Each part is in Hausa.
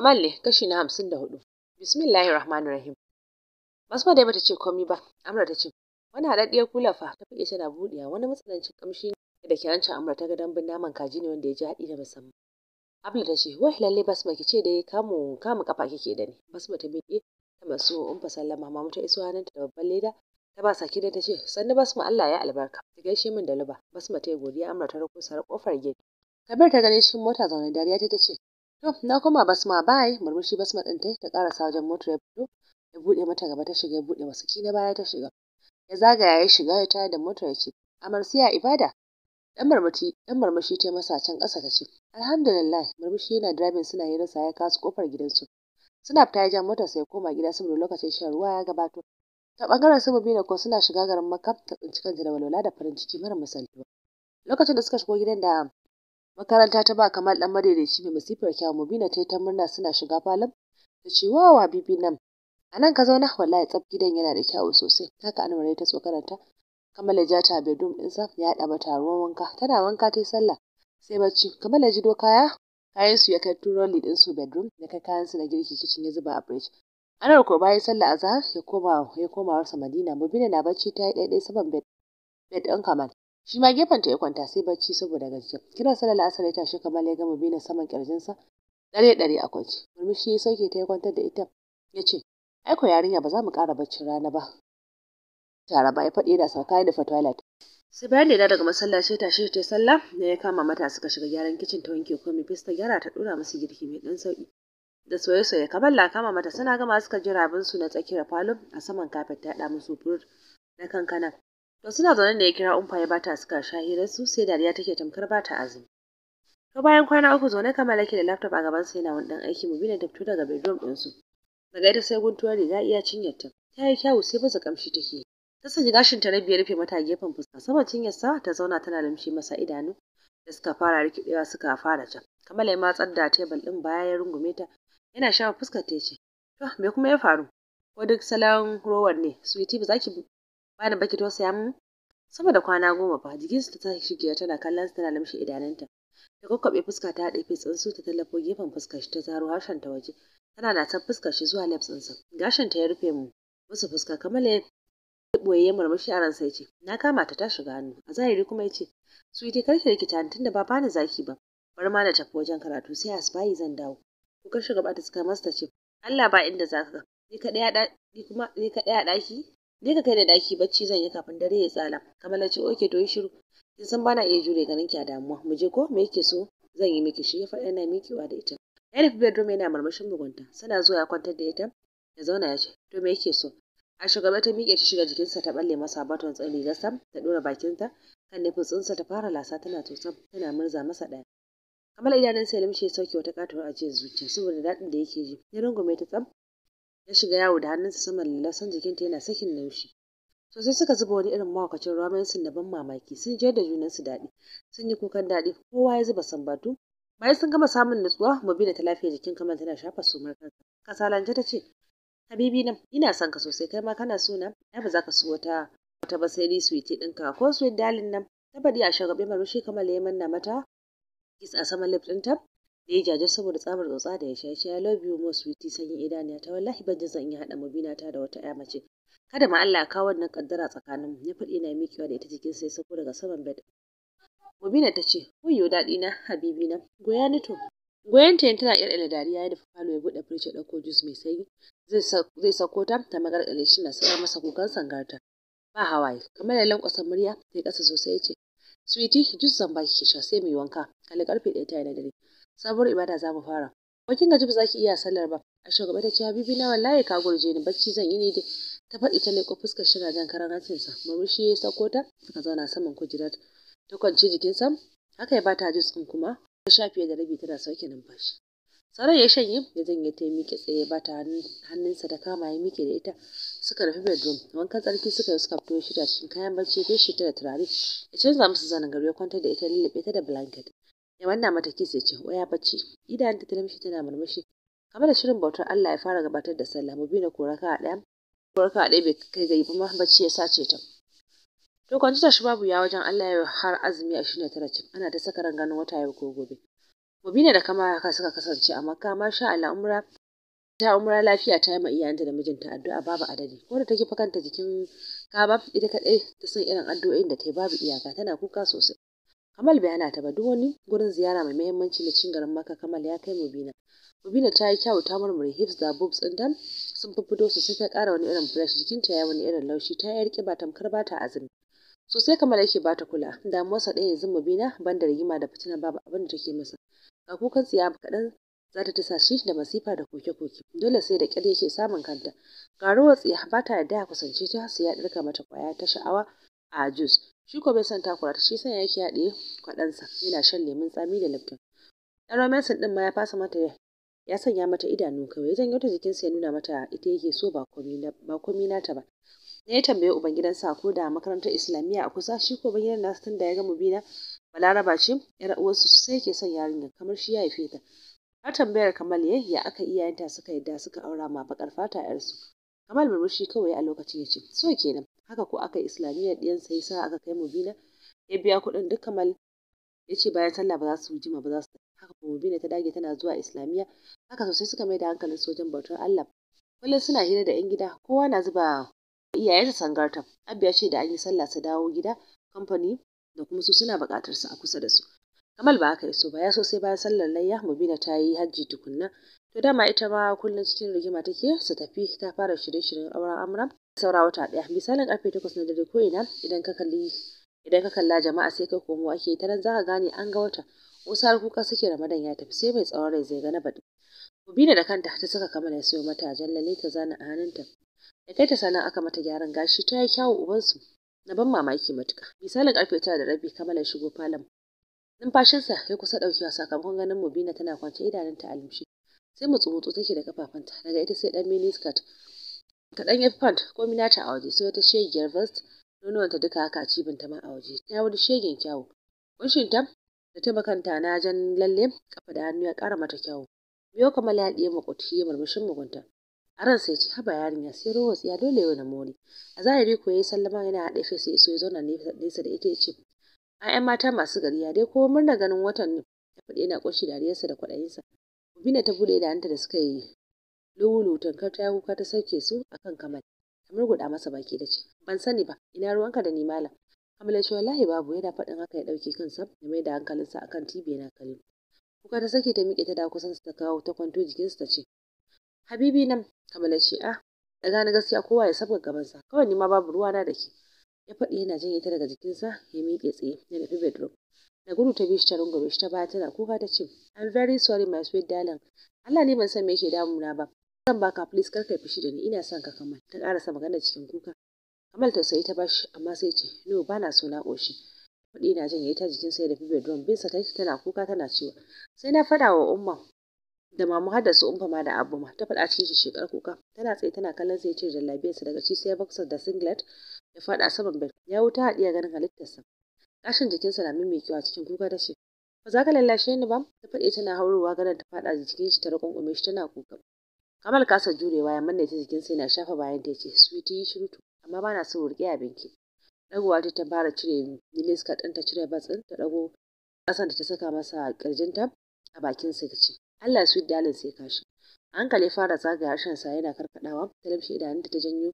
ne, kashi na hamsin da hudu. bismillahi Rahmanir Rahim. Basma dai bata ce komi ba, Amra ta ce, wani haɗaɗɗiyar kulafa ta fiye tana buɗewa wani matsanancin ne da ke hancin Amra ta ga dambun naman kaji ne wanda ya ji haɗi da musamman. Abla ta ce, wai lalle Basma ki ce da ya kamu kamu kafa kike da ni. Basma ta miƙe ta masu fa sallama mamu ta iso hannunta da babban leda ta ba saki da ta ce sannu basma Allah ya albarka ta gaishe min da luba basma ta yi godiya amra ta rako sarar kofar gate kabir ta gani cikin mota zaune dariya ta ce To, na koma basma bai, murmushi basma ɗin ta ta ƙarasa wajen motar ya fito, ya buɗe mata gaba ta shiga, ya buɗe masa ki na baya ta shiga. Ya zagaya ya shiga ya tayar da motar ya ce, Amarsiya ibada. Ɗan marmashi, ɗan marmashi ta masa can ƙasa ta ce, Alhamdulillah, murmushi yana dirabin suna yi rasa ya kasu ƙofar gidansu. Suna fita ya ja motar sai koma gida saboda lokacin shan ruwa ya gabato. Ta ɓangaren su Mubina ko suna shiga garin Makka ta tsinci kanta da walwala da farin ciki mara misaltuwa. Lokacin da suka shigo gidan da Makaranta ta ba Kamal ɗan madaidaici mai masifar kyawu Mubina ta yi ta murna suna shiga falon. Ta ce wa bibi nan. A nan ka zauna wallahi tsaf gidan yana da kyawu sosai. Haka Anwar ta tsokanarta. Kamal ya ja ta a bedroom ɗinsa ya ɗaba mata ruwan wanka. Tana wanka ta yi sallah. Sai bacci. Kamal ya jido kaya. Kayan su ya kai turoli ɗin su bedroom ya kai kayan su na girki kicin ya zuba a fridge. Anar ko bayan sallah azhar ya koma ya koma wasa Madina. Mubina na bacci ta yi ɗaiɗai saman bed. Bed ɗin Kamal. shi ma gefenta ya kwanta sai bacci saboda gajiya kiran sallar asali ta shi kamar ya gama bina saman kirjinsa dare dare a kwance murmushi ya sauke ta ya kwantar da ita ya ce aiko yarinya ba za mu ƙara baccin rana ba tara ba ya faɗi da sauka da toilet sai bayan da daga masallaci ta shi ta sallah ne ya kama mata suka shiga gyaran kicin ta wanke komai fista gyara ta dora musu girki mai ɗan sauki da soye-soye kamar la kama mata suna gama suka jira abin su na tsakiyar falo a saman kafet ta ɗa musu furut na kankana to suna zaune da ya kira Umfaye ya bata suka sha hirar su sai dariya take tamkar bata azumi to bayan kwana uku zaune kamar yake da laptop a gaban sa yana wani dan aiki mu bina tafto daga bedroom din su daga ita sai guntuwar riga iya cinyarta ta yi kyawu sai baza kamshi take ta sanya gashin ta rabi ya rufe mata gefen fuska sama sa, ta zauna tana limshe masa idanu da suka fara rikidewa suka fara can kamar ya matsar da tebul din baya ya rungume ta yana shafa fuskar ta ce to me kuma ya faru ko duk salon rowar ne sweetie ba za ki Bayan baki tausaya min sama da kwana goma ba, jikinsu ta tashi shigiya tana kallon tana lamshe idanunta. Ta kokkabe fuska ta haɗe fitsin su ta tallafo gefen fuskar shi ta zaro harshen ta waje. Tana natsar fuskar shi zuwa lips ɗinsa. Gashin ta ya rufe mu musu fuska kamar ya boye murmushi a ransa yace na kama ta ta shiga hannu a zahiri kuma ya ce. su ita ki rikita tunda ba bani zaki ba bari ma na tafi wajen karatu sai bayi zan dawo ko ka shiga ba ta suka masa ce Allah ba inda zaka ni a ɗaki kuma ni kaɗai a ɗaki Ni kai da daki bacci zan yi kafin dare ya tsala kamar na ce oke to yi shiru kin san bana iya jure ganin ki a damuwa mu je ko me yake so zan yi miki shi ya faɗa yana mikewa da ita ya nufi bedroom yana marmashin mugunta Suna zuwa ya kwantar da ita ya zauna ya ce to me yake so a shugaba ta miƙe ta shiga jikinsa ta balle masa baton tsan rigarsa ta ɗora bakinta kan nufin tsinsa ta fara lasa tana tosan tana murza masa ɗaya kamar idanun sai ya sauke wata katuwar ajiyar zuciya saboda daɗin da yake ji ya rungume ta tsam ya shiga yawo da hannunsa saman lasan jikinta yana sakin laushi sosai suka zuba wani irin ruwa mai sun ban mamaki sun je da junansu daɗi sun yi kukan daɗi kowa ya zuba sambatu bayan sun gama samun nutsuwa da ta lafiya jikin kamar tana shafa sumar kansa kasalance ta ce habibi nan ina son ka sosai kai ma kana so na ai ba za ka so wata wata ba sai ni suwiti ɗinka ko suwit dalin nan ta faɗi a shagabe marushi kamar leman na mata kis a saman lip ta. da ya jajir saboda tsamar tsotsa da ya sha ya I love you most sweetie sanyin idaniya ta wallahi ban ji zan iya haɗa bina ta da wata ƴa mace kada ma Allah ya kawo wannan kaddara tsakanin mu ya faɗi na mikewa da ita cikin sai sako daga saman bed Mubina ta ce wayyo daɗi na habibi na goya ni to goyon ta tana ƙirƙira dariya ya dafa falo ya buɗe firij ya ɗauko jus mai sanyi zai sako ta ta magarƙale shi na sakar masa kukan sangarta ba hawaye kamar da lankwasa murya ta ƙasa sosai ya ce sweetie juice zan baki ki sha sai mai wanka kala karfe ɗaya ta na dare sabuwar ibada za mu fara ko kin gaji ba za ki iya sallar ba a shugaba ta ce habibi na wallahi ka gurje ni bacci zan yi ni dai ta faɗi ta leƙo fuskar shiga jan karan hancinsa murmushi ya sako ta suka zauna saman kujerar ta kwance jikinsa haka ya bata jus in kuma ta sha fiye da rabi tana sauke numfashi sauran ya shanye ya janye ta miƙe tsaye ba ta hannunsa da kama ya miƙe da ita suka rufe bedroom wankan tsarki suka yi suka fito shida cikin kayan barci ya shi ta da turare ya canza musu zanen gado ya kwantar da ita lullube ta da blanket ya wannan mata kisa ya ce waya bacci idan ta mishi tana murmushi kamar da shirin bautar Allah ya fara gabatar da sallah na koraka a ɗaya koraka a ɗaya bai kai ga yibi ba bacci ya sace ta to kwanci ta babu ya wajen Allah ya har azumi a shine tara cin ana ta saka ran ganin wata yau ko gobe Mu ne da kama ka suka kasance a makka masha Allah umra ta umra lafiya ta yi ma iyayenta da mijinta addu'a babu adadi ko da take fakanta jikin kaba ita kadai ta san irin addu'o'in da ta yi babu iyaka tana kuka sosai Kamal bai hana ta ba duk wani gurin ziyara mai muhimmanci na cin garin maka Kamal ya kai Mubina. Mubina ta yi kyau ta murmure hips da boobs ɗin dan sun su sai ta ƙara wani irin fresh jikinta ya wani irin laushi ta yi ba tamkar ba ta azumi. Sosai Kamal yake ba ta kula damuwarsa ɗaya yanzu Mubina ban da rigima da fitina babu abin da take masa. Ga kukan tsiya kaɗan za ta tasa shi da masifa da koke-koke dole sai da ƙyalle yake samun kanta. Ga rawar tsiya ba ta yarda ya kusance ta sai ya ɗirka mata ƙwaya ta sha'awa a jus Shi ko bai son takura shi yasa yake yaɗe kwaɗansa yana shan lemun tsami da lifton. Ɗan romansin ɗin ma ya fasa mata ya sanya mata idanu kawai zan yi ta jikinsa ya nuna mata ita yake so ba komi nata ba. Na ya tambayi uban sa ko da makarantar Islamiyya a kusa shi ko bayan nasu tun da ya ga bina Balaraba ce yar uwarsu sosai yake son yarinyar kamar shi ya haife ta. Har tambayar Kamal ya aka iyayenta suka yadda suka aura ma baƙar fata 'yarsu. Kamal murmushi kawai a lokacin ya ce, so kenan, haka ko aka islamiyya ɗiyan sai sa aka kai Mubina, ya biya kuɗin duk Kamal ya ce bayan sallah ba za su jima ba za su haka ko Mubina ta dage tana zuwa islamiyya haka sosai suka mai da hankalin sojan bautar Allah kullum suna hira da yan gida kowa na zuba iyayensa sangarta abiya ce da an yi sallah su dawo gida kamfani da kuma su suna buƙatar su a kusa da su Kamal ba haka iso ba ya so sai bayan sallar layya Mubina ta yi hajji tukunna. To dama ita ma kullum cikin rigima take su tafi ta fara shirye-shiryen auren amra saura wata daya Misalin karfe takwas na dare ko ina idan ka kalli idan ka kalla jama'a sai ka komo ake ta nan zaka ka gane an ga wata. Wasu har kuka suke Ramadan ya tafi sai mai tsawon rai zai gana baɗi. Mubina da kanta ta saka kamala ya sayo mata jallale ta zana a hannunta. Da kai ta sanan aka mata gyaran gashi ta yi kyawun ubansu. Na ban mamaki matuka. Misalin karfe tara da rabi kamala shigo falon numfashinsa ya kusa ɗaukewa sakamakon ganin mubina tana kwance idanunta a lumshe sai mu tsumutsu take da kafafanta daga ita sai dan mini skirt kaɗan ya pant ko minata a waje sai wata shegiyar vest nonuwanta duka haka a ta ma a waje ta wani shegin kyawu ta da ta ta na jan lalle kafa da hannu ya ƙara mata kyawu biyo kamar ya ɗiye makwati ya murmushin mugunta a ran sai ce haba yarinya sai ruwa tsiya dole yau na mori a zahiri ko yi sallama yana haɗe fesa so ya zauna nesa da ita ya ce Ai mata masu gari ya dai ko murna ganin watan ya faɗi yana ƙoshi dariyarsa da kwaɗayinsa. Bina ta buɗe idanunta da suka yi lulu tankar ta kuka ta sauke su akan Kamal. Ta murguɗa masa baki da ce, Ban sani ba, ina ruwanka da nimala malam. Kamal ce wallahi babu yana faɗin haka ya ɗauke kansa ya mai da hankalinsa akan tibi yana kare Kuka ta sake ta miƙe ta da kusan ta kawo ta kwanto jikinsa ta ce, Habibi nan, Kamal ya ce, ah, daga na gaskiya kowa ya sabga gabansa, kawai ni ma babu ruwana da ke. ya faɗi yana janye ta daga jikinsa ya miƙe tsaye ya nufi bedroom da gudu ta bi ta rungume shi ta baya tana kuka ta ce I'm very sorry my sweet darling Allah ne ban san me yake damuna ba zan baka please kar ka fishi da ni ina son ka kamal ta karasa magana cikin kuka ta sayi ta bashi amma sai ce no ba na so na koshi faɗi yana jin ta jikin sai da bedroom bin sa tana kuka tana cewa sai na faɗa wa umma da mamu har su umma ma da abu ma ta faɗa cikin shi shekar kuka tana tsaye tana kallon sai ce labiyarsa daga shi sai boxer da singlet ya faɗa saman bed ya wuta iya ganin halittarsa kashin jikinsa na mai kyau a cikin kuka ta ce ba za ka lallashe ni ba ta faɗi tana haurowa ganin ta faɗa jikin shi ta rakunkume shi tana kuka kamal kasa jurewa ya manne ta jikinsa yana shafa bayan ta ce sweet yi shirutu amma bana so rike abinki dagowa ta fara cire miliska ɗin ta cire bas ɗin ta dago ƙasan da ta saka masa ƙirjinta a bakin sa ta ce Allah sweet darling sai kashi hankali fara zagaya harshen sa yana karkadawa ta lamshe idanun ta janyo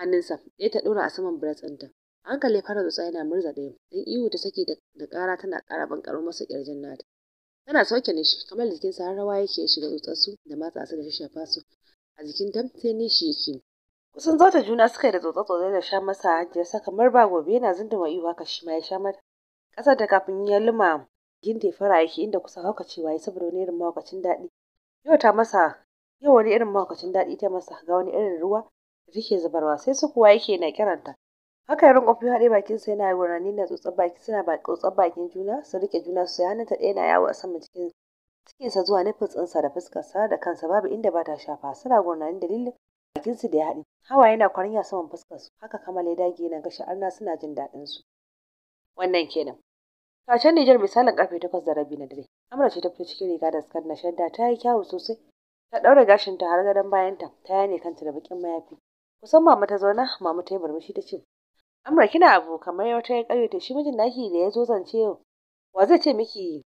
hannunsa ɗaya ta ɗora a saman breast ɗinta hankali ya fara tsotsa yana murza ɗaya don ihu ta sake da ƙara tana ƙara bankaro masa ƙirjin nata tana sauke nishi kamar jikinsa har rawa yake shiga tsotsar su da matsa su da shafa su a jikin ta sai nishi yake kusan zata juna suka yi da tsotsa tsotsa da sha masa sa kamar ba gobe yana zinduma ihu haka shi ma ya sha mata ƙasar da kafin ya luma ginde fara yake inda kusan cewa ya saboda wani irin mahaukacin daɗi yau ta masa yau wani irin mahaukacin daɗi ta masa ga wani irin ruwa da take zubarwa sai su kuwa yake na kiranta haka yarin kofi haɗe bakin sa yana gurani na tsotsar baki suna ba tsotsar bakin juna su rike juna su hannun ta ɗaya na yawo a saman cikin cikinsa zuwa nufin tsinsa da sa da kansa babu inda ba ta shafa suna gurani dalilin bakinsu da ya haɗe hawa yana kwarinya saman fuskarsu haka kamar ya dage yana gashi arna suna jin daɗin su wannan kenan Tashen Nijar misalin karfe takwas da rabi na dare. Amra ce ta fi cikin riga da skar na shadda ta yi kyawu sosai. Ta ɗaura gashin ta har gadon bayanta, ta yane kanta da bakin mayafi. kusan mama ta zauna mama ta yi murmushi ta ce amra kina abu kamar wata ya ta shi mijin naki da ya zo zance wa zai ce miki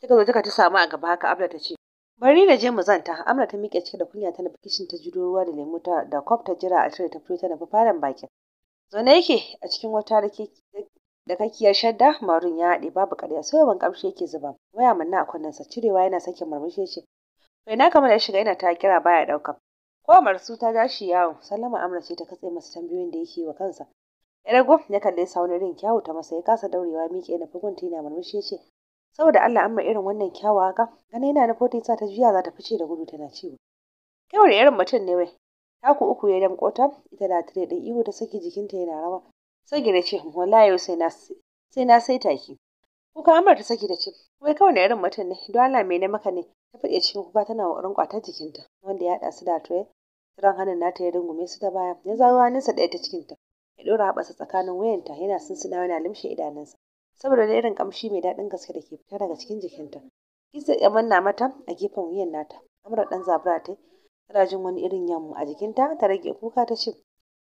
kika zo kika ta samu a gaba haka abla ta ce bari na je mu zanta amra ta miƙe cike da kunya ta nufi kishin ta jiro ruwa da lemu ta da kwaf ta jira a cire ta fito ta nufi faran bakin zaune yake a cikin wata da kakiyar shadda marun ya haɗe babu ƙarya sai ban kamshi yake zuba waya manna a kunnensa cirewa yana sakin murmushi ce kai na kamar ya shiga yana ta kira baya ɗauka ko su ta dashi yawo, Sallama Amra ce ta katse masa tambayoyin da yake wa kansa. Ya rago ya kalle sa wani rin kyawu ta masa ya kasa daurewa miƙe na fagun tina murmushi ya ce. Saboda Allah amma irin wannan kyawu haka, gane yana na fotin sa ta juya za ta fice da gudu tana ciwo. Kai wani irin mutum ne wai. Taku uku ya damƙo ta, ita da tire da ihu ta saki jikinta yana rawa. Sai gina ce, wallahi sai na sai na ki. Kuka amma ta saki da ce, wai kawai ne irin mutum ne, don Allah me ne maka ne? Ta fice cikin kuka tana ƙoƙarin jikinta, wanda ya haɗa su da toye Tiran hannun nata ya rungume su ta baya, ya zawo hannunsa ɗaya ta cikinta. Ya ɗora haɓasa tsakanin wayanta yana sunsuna yana limshe idanunsa. Saboda da irin ƙamshi mai daɗin gaske da ke fita daga cikin jikinta. Kisa ya manna mata a gefen wuyan nata. Amra ɗan zabura ta tana jin wani irin yammu a jikinta ta rage kuka ta ce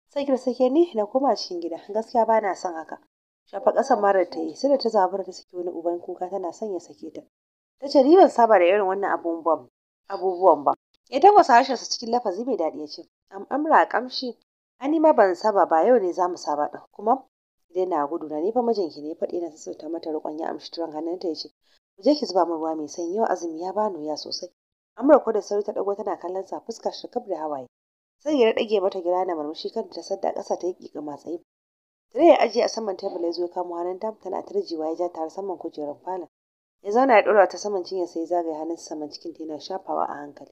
sai sake ni na koma cikin gida gaskiya ba na son haka shafa ƙasar mara ta yi sai da ta zabura ta saki wani uban kuka tana son ya sake ta ta ce ni ban saba da irin wannan abubuwan ba ya harshen su cikin lafazi mai daɗi ya ce am amra kamshi ani ma ban saba ba yau ne za mu saba ɗin kuma idan na gudu na nifa mijinki ne faɗi na sassauta mata rukon ya amshi turan ta ya ce ku je ki zuba min ruwa mai sanyi yau azumi ya bani ya sosai amra ko da sauri ta ɗago tana kallon sa fuska shakaf da hawaye sai ya ɗage mata gira na murmushi kan ta sadda ƙasa ta yi ƙiƙa matsayi tare ya ajiye a saman tebul ya zo ya kamo hannun ta tana tarjiwa ya ja tare saman kujerar falon ya zauna ya ɗora ta saman cinyar sai zagaye hannun saman cikin ta yana shafawa a hankali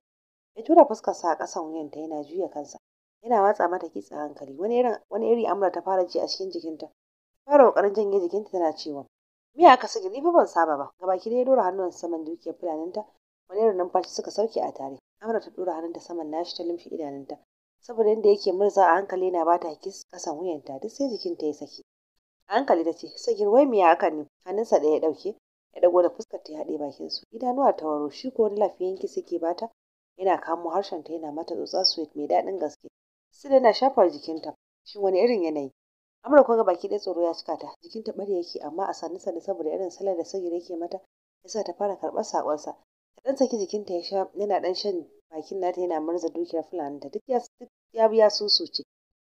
ya tura fuskarsa a ƙasan wuyanta yana juya kansa yana watsa mata kitse hankali wani irin wani iri amra ta fara ji a cikin jikinta fara ƙoƙarin janye jikinta tana cewa me aka saki ni fa ban saba ba Gaba ɗaya ya dora hannuwansa saman dukiyar fulaninta wani irin numfashi suka sauke a tare amra ta dora hannunta saman nashi ta lumshe idanunta saboda yadda yake murza a hankali yana bata kis ƙasan wuyanta duk sai jikinta ya saki a hankali ta ce sakin wai me aka ne hannunsa ɗaya ya ɗauke ya dago da fuskar ta haɗe bakin su idanuwa ta waro shi ko wani lafiyan suke bata yana kamo harshenta yana mata tsotsa sweet mai daɗin gaske da yana shafar jikinta shin wani irin yanayi amurka ga baki ɗaya tsoro ya cika ta jikinta ɓari yake amma a sannu sannu saboda irin salar da sagir yake mata yasa ta fara karɓar saƙonsa ta ɗan saki jikinta ya sha yana ɗan shan bakin nata yana murza dukiyar ta, duk ya ya biya ce.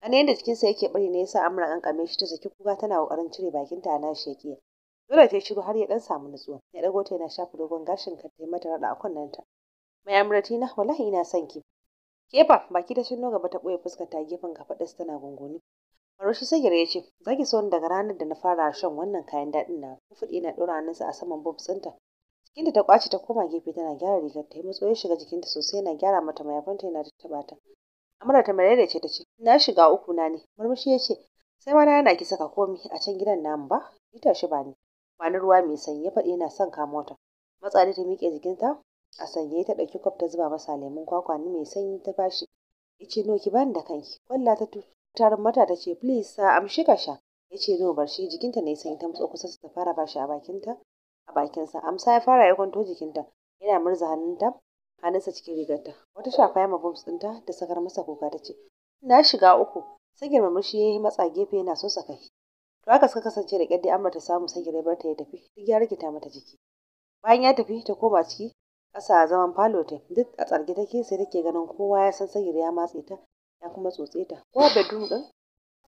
a ne yadda jikinsa yake bari ne yasa an kankame shi ta saki kuka tana ƙoƙarin cire bakinta a nashi yake dole ta shiru har ya ɗan samu nutsuwa ya dago ta yana shafa dogon gashin kanta ya mata raɗa a kunnenta mai amratina wallahi ina son ki kefa baki ta shinno gaba ta ɓoye fuskar ta gefen kafaɗarsa tana gunguni Marushi sai ya yace. zaki so ni daga ranar da na fara shan wannan kayan daɗin na." Kufuɗi na nan sa a saman bobs ɗinta. cikin ta ƙwace ta koma gefe tana gyara rigar ta, ya shiga jikinta sosai yana gyara mata mayafinta yana tattaɓa ta. Amara ta da ce ta ce, "Na shiga uku na ne." Murmushi yace "Sai ma na yana ki saka komi a can gidan namu ba?" ita shi ba ni. Ba ruwa mai sanyi ya faɗi yana son ka mota. Matsari ta miƙe jikinta, a sanye ta ɗauki kwaf ta zuba masa lemun kwakwa ni mai sanyi ta bashi ya ce no ki bani da kanki kwalla ta tarin mata ta ce please sa amshi ka sha ya ce no bar shi jikinta ne sanyi ta matso kusa ta fara bashi a bakinta a bakinsa amsa ya fara ya kwanto jikinta yana murza hannunta hannunsa cikin rigarta wata shafa ya mabums ɗinta ta sakar masa kuka ta ce na shiga uku sai murmushi ya yi matsa gefe yana so sa kai to haka suka kasance da kyaddi amma ta samu ya bar ta ya tafi duk ya rikita mata jiki bayan ya tafi ta koma ciki ƙasa a zaman falo ta duk a tsarge take sai take ganin kowa ya san sagira ya matse ta ya kuma tsotse ta ko bedroom din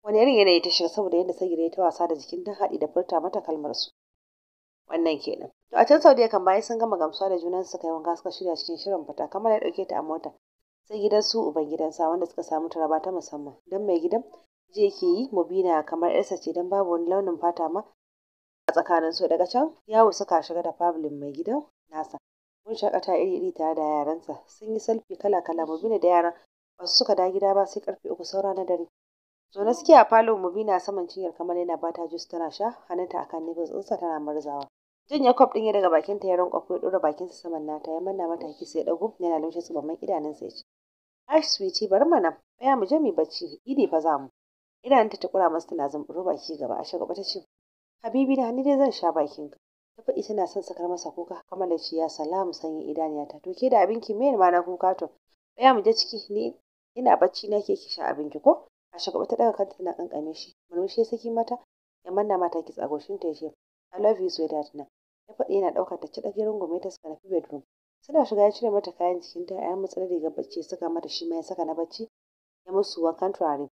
wani irin yanayi ta shiga saboda yadda sagira ya ta wasa da jikin ta haɗi da furta mata kalmar su wannan kenan to a can saudiya kan bayan sun gama gamsuwa da junan suka yi wanka suka shirya cikin shirin fita kamar ya ɗauke ta a mota sai gidan su uban sa wanda suka samu taraba ta musamman don mai gidan je ke yi mubina kamar yarsa ce don babu wani launin fata ma a tsakanin su daga can yawo suka shiga da fabulin mai gidan nasa Mun shakata iri-iri tare da yaransa. Sun yi salfi kala-kala. mu Mubina da yaran ba su suka dagida gida ba sai karfe uku saura na dare. na suke a falo Mubina saman cinyar kamar yana bata jus tana sha hannunta a kan nipples ɗinsa tana murzawa. Janya kwaf ɗin ya daga ta ya rankwafo ya ɗora bakinsa saman nata ya manna mata kisa ya ɗago yana lumshe idanun sa ya ce. Ash sweetie bari mana baya mu je mu bacci idi fa za mu. Idanunta ta kura masa tana zumburo baki gaba a shagaba ta ce Habibi na ni dai zan sha bakin ka ta faɗi tana son sakar masa kuka kamala ce ya salamu sanyin ta to ke da abinki me ma na kuka to ya mu je ciki ni ina bacci na ke kisha abinki ko a shagaba ta daga kanta tana kankame shi murmushi ya saki mata ya manna mata ki goshin ta ce I love you sweetheart na ya faɗi yana ɗaukar ta ci ɗafin rungume ta suka nufi bedroom suna shiga ya cire mata kayan jikinta ya matsalar rigar bacci suka mata shi ma ya saka na bacci ya musu wa contrary